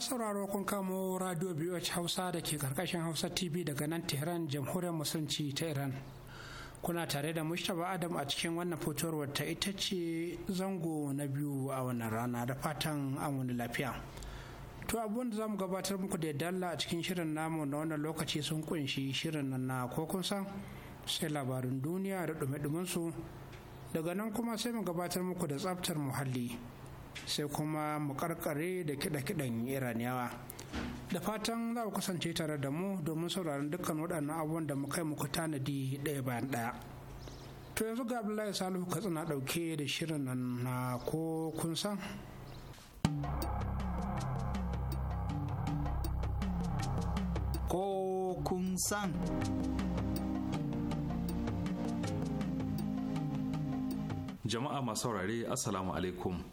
sauraro kun kamo radio biyu hausa da ke karkashin hausa tv daga nan tehran jamhuriyar musulunci ta iran kuna tare da mustapha adam a cikin wannan fitowar ta ita ce zango na biyu a wannan rana da fatan an wani lafiya to abunda da za gabatar muku da dalla a cikin shirin namu na wannan lokaci sun kunshi shirin nan na kokun san sai labarin duniya da dume-dumensu daga nan kuma sai mu gabatar muku da tsaftar muhalli sai kuma mu karkare da kiɗa-kiɗan iraniyawa da fatan za ku kasance tare da mu domin sauraron dukkan waɗannan abubuwan da mu kai muku tanadi ɗaya bayan ɗaya to yanzu ga abdullahi salihu katsina ɗauke da shirin nan na ko kun san ko kun san jama'a masu saurare assalamu alaikum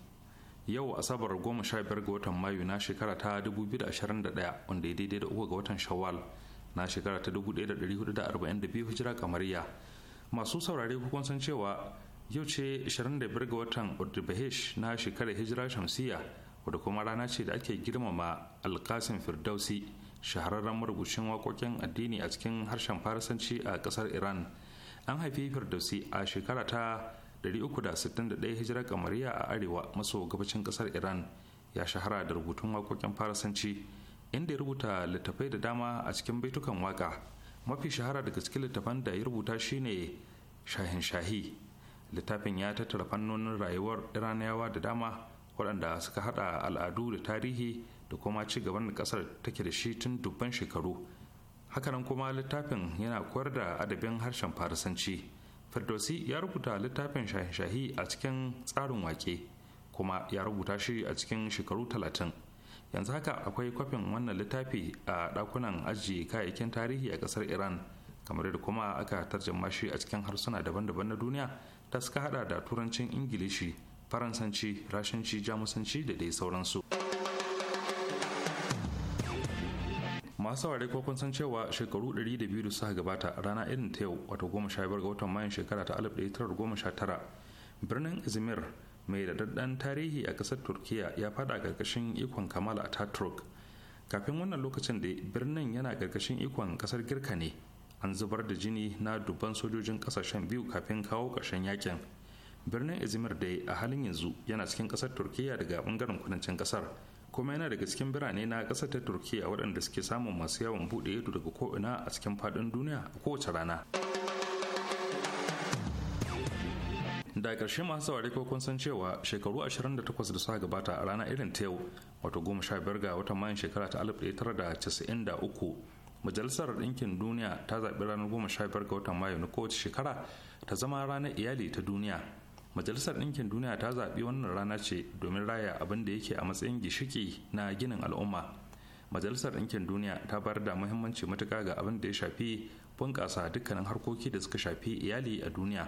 yau asabar biyar ga watan mayu na shekara ta 2021 wanda ya daidai da uku ga watan shawwal na shekara ta 1442 hijira kamariya masu saurare hukun san cewa yau ce 25 ga watan urdubahesh na shekarar hijira shamsiya wadda kuma rana ce da ake girmama alkasin firdausi shahararren marubucin waƙoƙin addini a cikin harshen farasanci a ƙasar iran an haifi firdausi a shekara ta 361 hijirar kamariya a arewa maso gabacin kasar iran ya shahara da rubutun waƙoƙin farasanci inda ya rubuta littafai da dama a cikin baitukan waƙa mafi shahara daga cikin littafan da ya rubuta shine shahin shahi littafin ya tattara fannonin rayuwar iraniyawa da dama waɗanda suka haɗa al'adu da tarihi da kuma ci gaban da ƙasar take da shi tun dubban shekaru hakanan kuma littafin yana koyar da adabin harshen farasanci firdausi ya rubuta littafin shahi-shahi a cikin tsarin wake kuma ya rubuta shi a cikin shekaru talatin yanzu haka akwai kwafin wannan littafi a dakunan ajiye kayayyakin tarihi a kasar iran kamar da kuma aka tarjama shi a cikin harsuna daban-daban na duniya ta suka hada da turancin ingilishi faransanci rashanci jamusanci da dai sauransu masu saurare ko kun san cewa shekaru 200 da suka gabata rana irin ta yau wato 15 ga watan mayan shekara ta 1919 birnin izmir mai daɗaɗɗen tarihi a ƙasar turkiya ya fada ƙarƙashin ikon kamal a ataturk kafin wannan lokacin da birnin yana ƙarƙashin ikon ƙasar girka ne an zubar da jini na dubban sojojin ƙasashen biyu kafin kawo ƙarshen yakin birnin izmir da a halin yanzu yana cikin ƙasar turkiya daga ɓangaren kudancin ƙasar kuma yana daga cikin birane na ƙasar ta turkiya waɗanda suke samun masu yawon buɗe ido daga ko'ina a cikin faɗin duniya a kowace rana da ƙarshe masu saurari ko kun san cewa shekaru 28 da suka gabata a rana irin ta yau wato 15 ga watan mayan shekara ta 1993 majalisar ɗinkin duniya ta zaɓi ranar 15 ga watan mayu na kowace shekara ta zama ranar iyali ta duniya majalisar ɗinkin duniya ta zaɓi wannan rana ce domin raya abin da yake a matsayin gishiki na ginin al'umma majalisar ɗinkin duniya ta bayar da muhimmanci matuƙa ga abin da ya shafi bunƙasa dukkanin harkoki da suka shafi iyali a duniya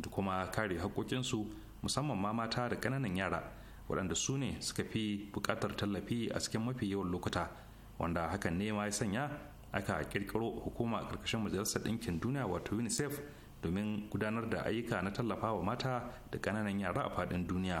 da kuma kare haƙƙoƙinsu musamman ma mata da ƙananan yara waɗanda su ne suka fi buƙatar tallafi a cikin mafi yawan lokuta wanda hakan ne ma ya sanya aka ƙirƙiro hukuma a ƙarƙashin majalisar ɗinkin duniya wato unicef domin gudanar da ayyuka na tallafawa mata da kananan yara a faɗin duniya.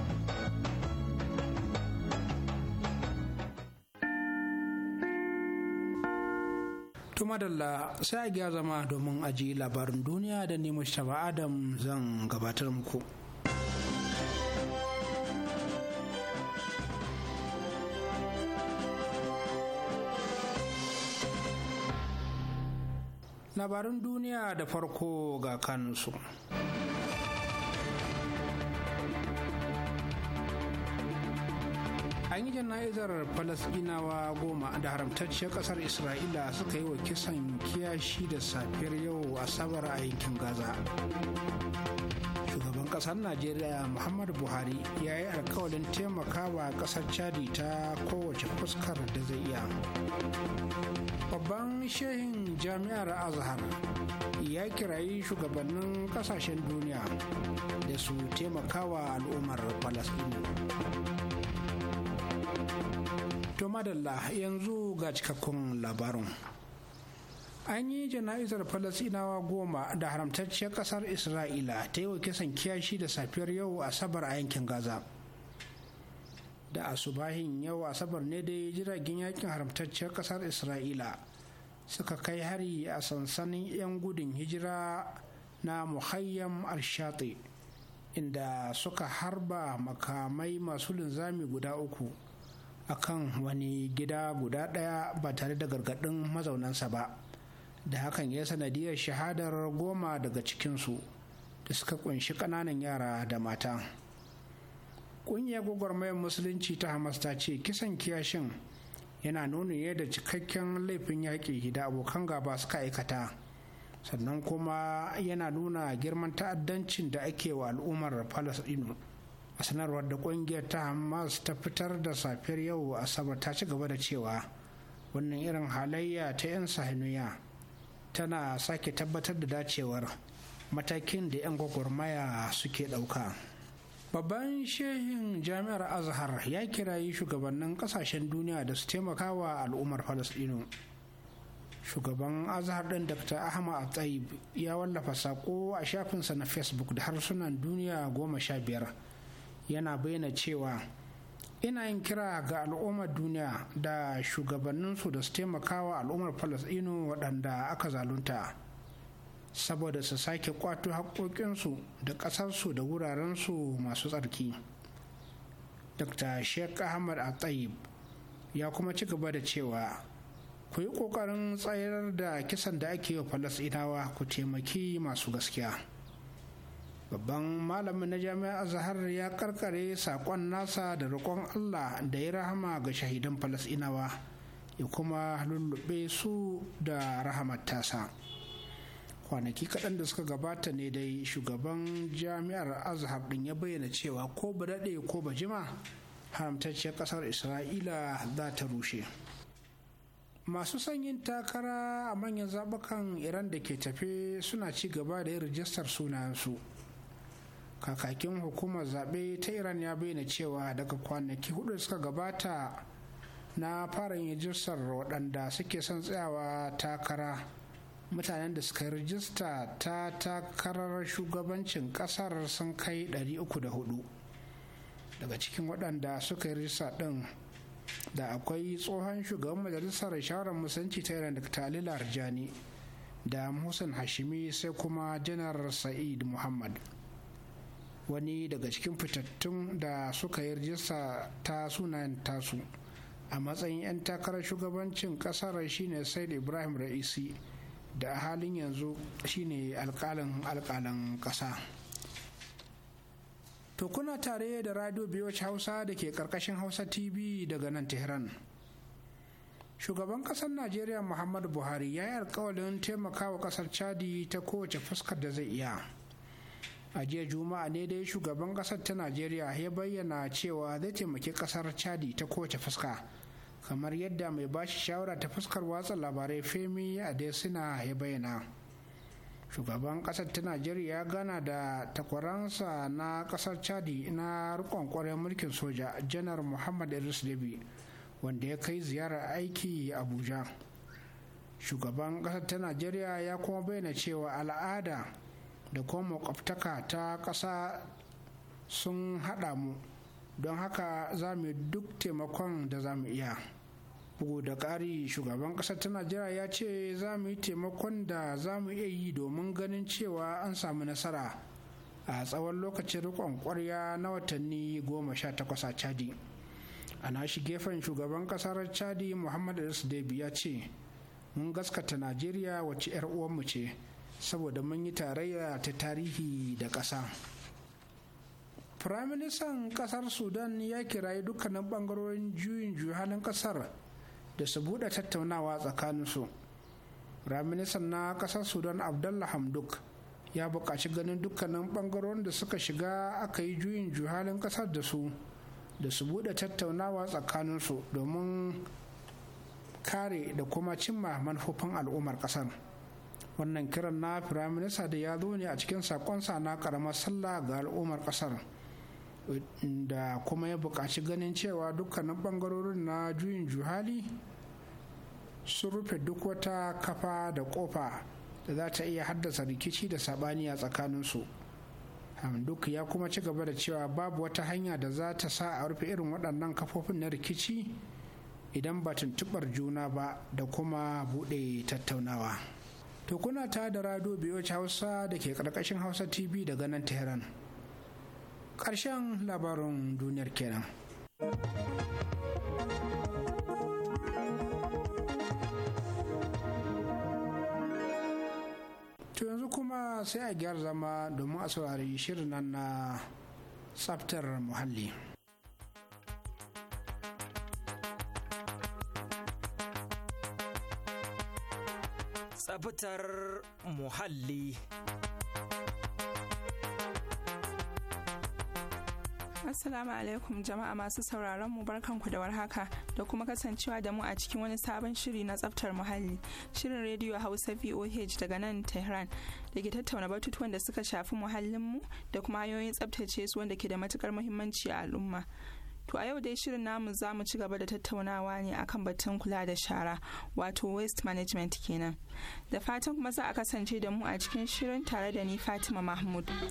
Tuma dalla sai a gya zama domin aji labarin duniya da nemo shaba Adam zan gabatar muku. Labarin duniya da farko ga kansu. an yi jana'izar falasdinawa goma da haramtacciyar kasar isra'ila suka yi wa kisan kiyashi da safiyar yau asabar a yankin gaza shugaban kasar najeriya muhammadu buhari ya yi alkawalin wa kasar chadi ta kowace fuskar da zai iya babban shehin jami'ar azhar ya kirayi shugabannin kasashen duniya da su taimaka wa al'ummar falasdini to madalla yanzu ga cikakkun labarin an yi jana'izar falasinawa goma da haramtacciyar kasar isra'ila ta yi wa kisan kiyashi da safiyar yau asabar a yankin gaza da asubahin yau asabar ne dai jiragen yakin haramtacciyar kasar isra'ila suka kai hari a sansanin 'yan gudun hijira na muhayyam al inda suka harba makamai masu linzami guda uku akan wani gida guda ɗaya ba tare da gargaɗin mazaunansa ba da hakan ya sanadiyar shahadar goma daga cikinsu da suka kunshi ƙananan yara da mata ƙungiyar gwagwarmayar musulunci ta hamas ta ce kisan kiyashin yana nuna yadda cikakken laifin yaƙi da abokan gaba suka aikata sannan kuma yana nuna girman ta'addancin da ake wa al'ummar falasɗinu a sanarwar da kungiyar ta hamas ta fitar da safiyar yau asabar ta ci gaba da cewa wannan irin halayya ta 'yan sahinuya tana sake tabbatar da dacewar matakin da 'yan gwagwarmaya suke ɗauka babban shehin jami'ar azhar ya kirayi shugabannin kasashen duniya da su taimaka wa al'ummar falasɗinu shugaban azhar ɗin dr ahmad atayib ya wallafa sako a shafinsa na facebook da harsunan duniya goma sha biyar yana bayyana cewa ina yin kira ga al'ummar duniya da shugabanninsu da su taimakawa al'ummar falasɗinu waɗanda aka zalunta saboda su sake kwato haƙoƙinsu da ƙasarsu da wurarensu masu tsarki dr sheikh ahmad atayib ya kuma ci gaba da cewa ku yi ƙoƙarin tsayar da kisan da ake yi wa falasɗinawa ku taimaki masu gaskiya babban malamin na jami'ar Azahar ya karkare sakon nasa da roƙon allah da ya rahama ga shahidan falasinawa ya kuma lullube su da rahamar tasa kwanaki kaɗan da suka gabata ne dai shugaban jami'ar azhar ɗin ya bayyana cewa ko ba daɗe ko ba jima haramtacciyar ƙasar isra'ila za ta rushe masu sanyin takara a manyan zaɓukan iran da ke tafe suna ci gaba da yin rijistar sunayensu kakakin hukumar zaɓe ta iran ya bayyana cewa daga kwanaki hudu suka gabata na fara yin rijistar waɗanda suke son tsayawa takara mutanen da suka rijista ta takarar shugabancin ƙasar sun kai 304 daga cikin waɗanda suka yi rijista ɗin da akwai tsohon shugaban majalisar shawarar musanci ta iran dr ali Arjani da musan hashimi sai kuma janar sa'id muhammad wani daga cikin fitattun da suka yi rijista ta sunayen tasu a matsayin 'yan takarar shugabancin kasar shine said ibrahim ra'isi da a halin yanzu shine alkalin alkalin kasa to kuna tare da radio biyoc hausa da ke karkashin hausa tv daga nan tehran shugaban kasar najeriya muhammadu buhari ya yi alkawalin taimakawa kasar chadi ta kowace fuskar da zai iya a jiya juma'a ne dai shugaban kasar ta najeriya ya bayyana cewa zai taimaki kasar chadi ta kowace fuska kamar yadda mai bashi shawara ta fuskar watsa labarai femi adesina ya bayyana shugaban kasar ta najeriya ya gana da takwaransa na kasar chadi na rikon kwarar mulkin soja janar muhammad idris debi wanda ya kai ziyarar aiki abuja shugaban kasar ta najeriya ya kuma bayyana cewa al'ada da kuma makwabtaka ta ƙasa sun haɗa mu don haka za mu duk taimakon da za mu iya bugu da ƙari shugaban ƙasar ta najeriya ya ce za mu yi taimakon da za mu iya yi domin ganin cewa an samu nasara a tsawon lokacin rikon ƙwarya na watanni goma sha takwas a chadi a nashi gefen shugaban ƙasar chadi muhammad ya ce mun gaskata najeriya wace 'yar uwanmu ce saboda mun yi tarayya ta tarihi da ƙasa firaministan ƙasar sudan ya kirayi dukkanin ɓangarorin juyin juhalin ƙasar da su buɗe tattaunawa tsakaninsu firaministan na ƙasar sudan abdullah hamduk ya buƙaci ganin dukkanin ɓangarorin da suka shiga aka yi juyin juhalin ƙasar da su da su buɗe tattaunawa tsakaninsu domin kare da kuma cimma manufofin al'ummar ƙasar. wannan kiran na firaminista da ya zo ne a cikin sakonsa na karamar sallah ga al'ummar kasar da kuma ya buƙaci ganin cewa dukkanin bangarorin na juyin juhali sun rufe duk wata kafa da ƙofa da za ta iya haddasa rikici da saɓani a tsakaninsu duk ya kuma ci gaba da cewa babu wata hanya da za ta sa a rufe irin waɗannan kafofin na rikici idan ba tuntuɓar juna ba da kuma buɗe tattaunawa. to kuna ta da rado biyoci hausa da ke karkashin hausa tv daga nan tehran ƙarshen labarin duniyar kenan to yanzu kuma sai a gyar zama domin a saurari shirin nan na tsaftar muhalli. tabbatar muhalli. Assalamu alaikum jama'a masu sauraron mu barkanku da warhaka da kuma kasancewa da mu a cikin wani sabon shiri na tsaftar muhalli shirin rediyo Hausa VOH daga nan Tehran da ke tattauna batutuwan da suka shafi muhallinmu da kuma hanyoyin tsaftace su wanda ke da matukar muhimmanci a al'umma. To a yau dai shirin namu za mu ci gaba da tattaunawa ne akan batun kula da shara wato waste management kenan. Da fatan kuma za a kasance da mu a cikin shirin tare da ni Fatima Mahmud. Kuma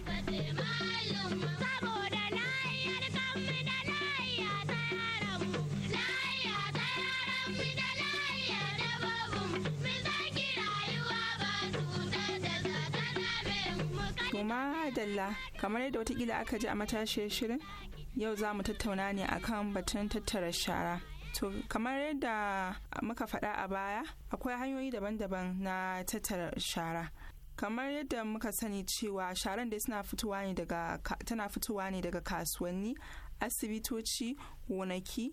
kamar yadda watakila aka ji a matashiyar shirin yau za mu tattauna ne akan batun tattara shara to kamar yadda muka faɗa a baya akwai hanyoyi daban-daban na tattara shara kamar yadda muka sani cewa sharan dai tana fitowa ne daga kasuwanni asibitoci gonaki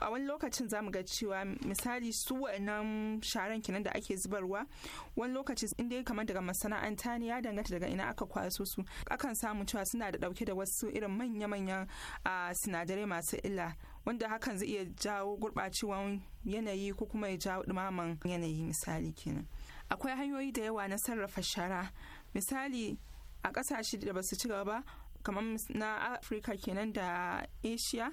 a wani lokacin za mu ga cewa misali su wa'annan sharan kenan da ake zubarwa wani lokaci inda kamar daga masana'anta ne ya danganta daga ina aka kwaso su akan samu cewa suna da dauke da wasu irin manya-manyan sinadarai masu illa wanda hakan zai iya jawo gurɓacewan yanayi ko kuma ya jawo ɗumaman yanayi misali kenan akwai hanyoyi da yawa na sarrafa shara misali a ƙasashe da ba su ci gaba kamar na afirka kenan da asia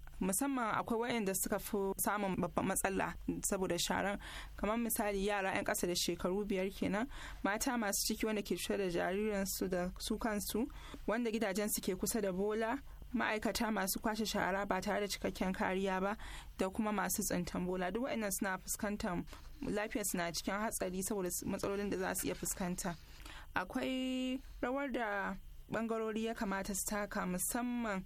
musamman akwai waɗanda suka fi samun babban matsala saboda sharan kamar misali yara 'yan ƙasa da shekaru biyar kenan mata masu ciki wanda ke cutar da jariransu da su kansu wanda gidajen su ke kusa da bola ma'aikata masu kwashe shara ba tare da cikakken kariya ba da kuma masu tsintan bola duk waɗannan suna fuskantar lafiyar suna cikin hatsari saboda matsalolin da za su iya fuskanta akwai rawar da bangarori ya kamata su taka musamman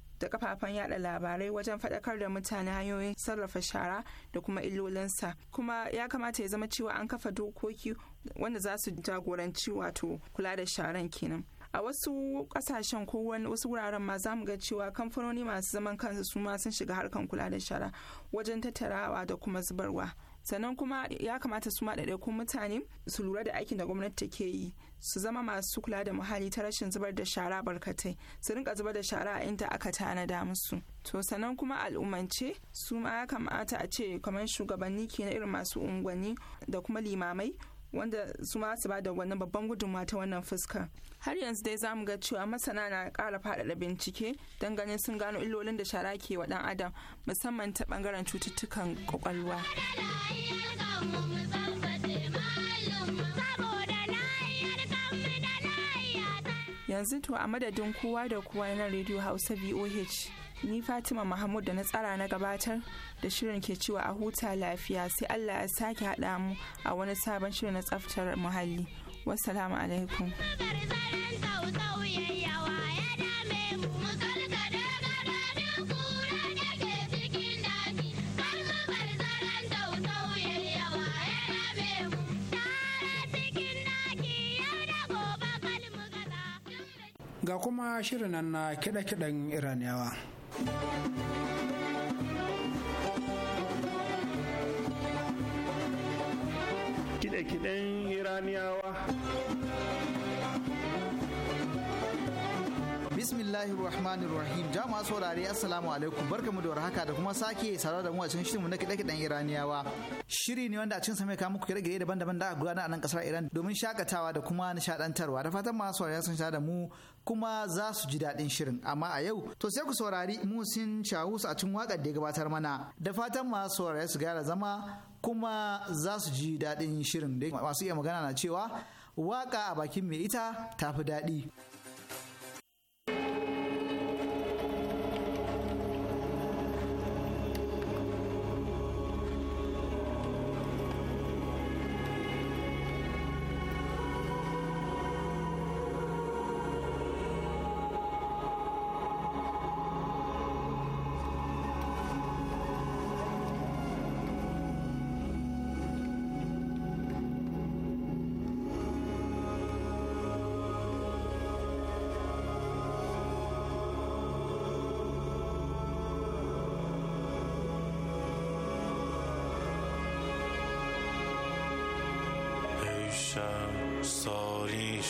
da kafafen yada labarai wajen faɗakar da mutane hanyoyin sarrafa shara da kuma illolinsa kuma ya kamata ya zama cewa an kafa dokoki wanda za su jagoranci wato kula da sharan kenan a wasu kasashen ko wasu wuraren ma za mu ga cewa kamfanoni masu zaman kansu su ma sun shiga harkan kula da shara wajen tattarawa da kuma zubarwa sannan kuma ya kamata su ma ɗaiɗaikun mutane su lura da aikin da gwamnati take yi su zama masu kula da muhalli ta rashin zubar da shara barkatai su rinka zubar da shara a inda aka tanada musu to sannan kuma al'umance su ma ya kamata a ce kamar shugabanni ke na irin masu unguwanni da kuma limamai wanda su ma su ba da wannan babban gudunmawa ta wannan fuska. har yanzu dai zamu ga cewa masana na kara faɗaɗa bincike don ganin sun gano illolin da shara ke wa ɗan adam musamman ta bangaren cututtukan ƙwaƙwalwa. yanzu to a madadin kowa da kowa na radio hausa voh ni fatima mahmud da na tsara na gabatar da shirin ke cewa a huta lafiya sai allah ya sake haɗa mu a wani sabon shirin na tsaftar muhalli wassalamu alaikum ga kuma shirin na kiɗa-kiɗan iraniyawa kiɗa-kiɗan iraniyawa bismillahir rahmanir rahim jama'a saurare assalamu alaikum barkamu da warhaka da kuma sake saurare da mu a cikin shirinmu na kiɗe-kiɗen iraniyawa shiri ne wanda a cikin sa mai kawo muku kire gare daban-daban da aka a nan kasar iran domin shakatawa da kuma nishaɗantarwa da fatan masu saurare sun sha da mu kuma za su ji dadin shirin amma a yau to sai ku saurari musin shahus a cikin waƙar da ya gabatar mana da fatan masu saurare su gyara zama kuma za su ji daɗin shirin da masu iya magana na cewa waka a bakin mai ita tafi daɗi.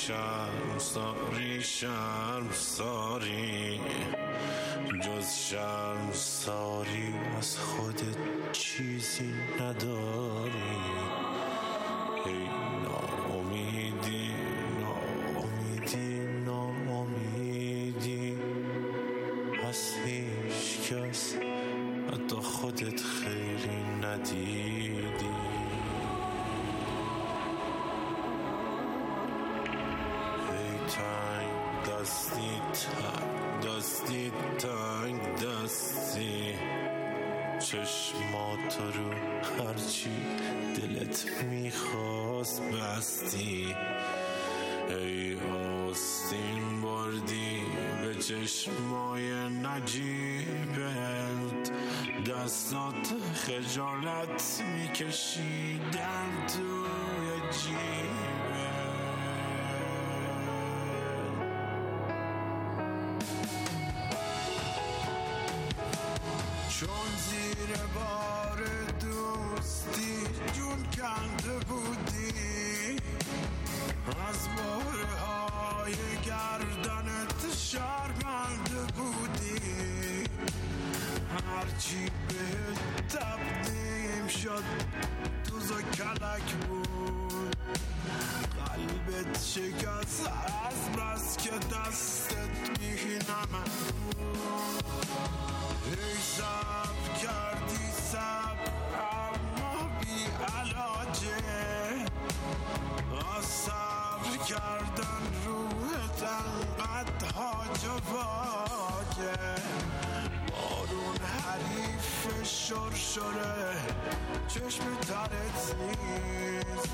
شرم ساری شرم ساری جز شرم ساری از خودت چیزی ندار رو هرچی دلت میخواست بستی ای آستین بردی به چشمای نجیبت دستات خجالت میکشیدن توی جیبت چون زیر بار دوستی جون کنده بودی از های گردنت شرمنده بودی هرچی به تبدیم شد دوز و کلک بود قلبت شکست از بس که چشم ترت نیست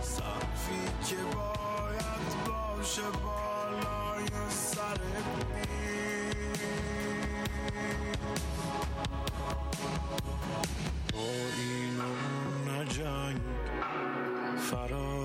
سقفی که باید باشه بالای سرت نیست با اینو نجنگ فرار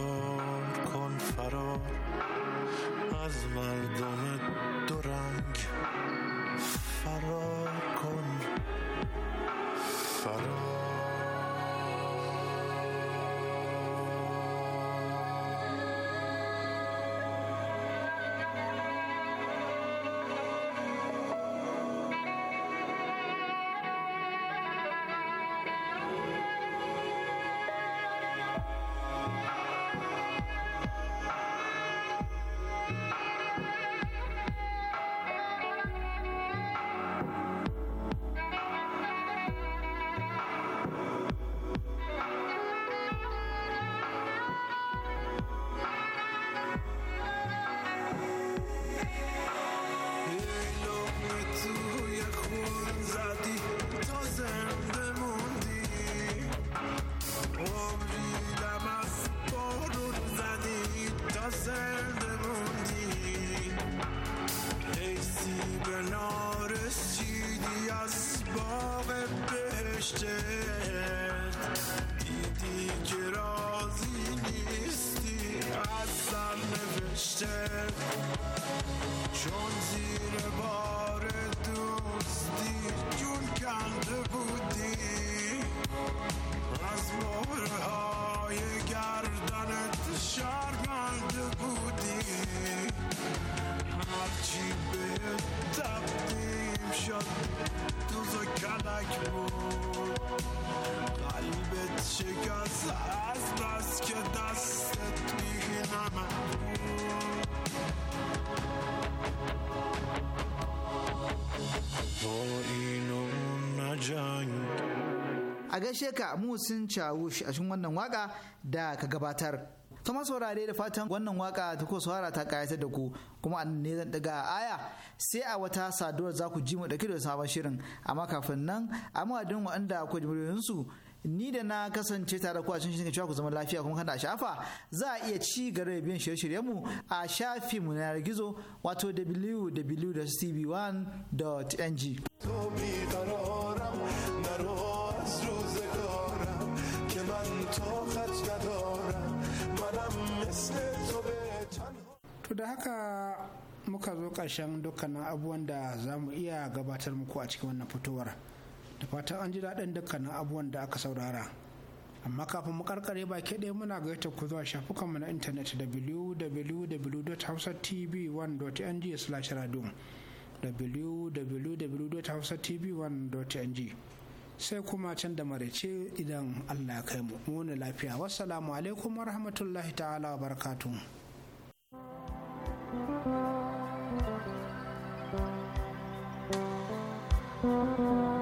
joy. Ka gaishe ka musin chawush a cikin wannan waka da ka gabatar to saurare da fatan wannan waka ta ko saurara ta kayatar da ku kuma an ne zan daga aya sai a wata saduwar za ku ji mu dauke da sabon shirin amma kafin nan a madadin waɗanda ku jimirin su ni da na kasance tare ku a cikin shirin ku zama lafiya kuma kada shafa za a iya ci gaba da biyan shirye-shiryen mu a shafin mu na gizo wato www.tv1.ng To da haka muka zo ƙarshen dukkanin abubuwan da za mu iya gabatar muku a cikin wannan fitowar da fatan an ji daɗin dukkanin abubuwan da aka saurara amma kafin mu karkare ba ke ɗaya muna gaita ku zuwa shafukanmu na intanet www.hausatv1.ng/radio www.hausatv1.ng sai kuma can da marece idan allah ya kai mu ne lafiya wassalamu alaikum wa rahmatullahi ta'ala wa barakatuhu thank you